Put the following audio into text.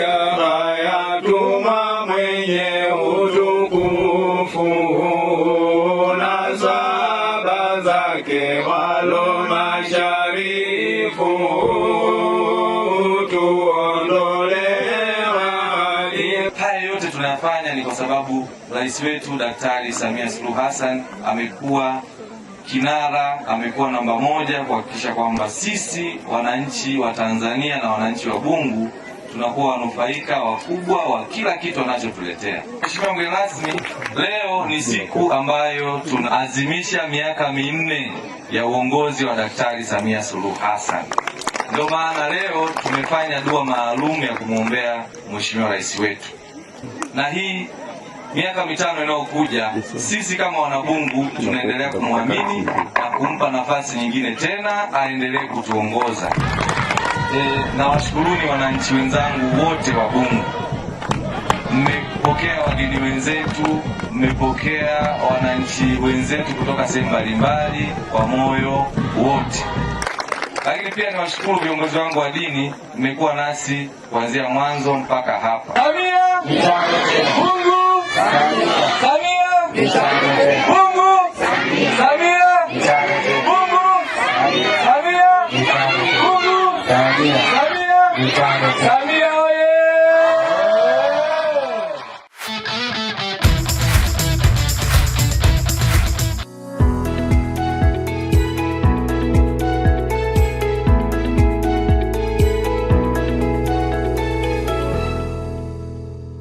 hajawayatuma na saba zake Haya yote tunayafanya ni kwa sababu rais wetu Daktari Samia Suluhu Hassan amekuwa kinara amekuwa namba moja kuhakikisha kwamba sisi wananchi wa Tanzania na wananchi wa Bungu tunakuwa wanufaika wakubwa wa kila kitu anachotuletea. Mheshimiwa mgeni rasmi, leo ni siku ambayo tunaazimisha miaka minne ya uongozi wa Daktari Samia Suluhu Hassan. Ndio maana leo tumefanya dua maalum ya kumwombea Mheshimiwa rais wetu, na hii miaka mitano inayokuja, sisi kama wanabungu tunaendelea kumwamini na kumpa nafasi nyingine tena aendelee kutuongoza. E, na washukuruni wananchi wenzangu wote wa Bungu, mmepokea wageni wenzetu, mmepokea wananchi wenzetu kutoka sehemu mbalimbali kwa moyo wote. Lakini pia niwashukuru viongozi wangu wa dini, mmekuwa nasi kuanzia mwanzo mpaka hapa. Samia Bungu, Samia Bungu. Samia. Samia. Samia.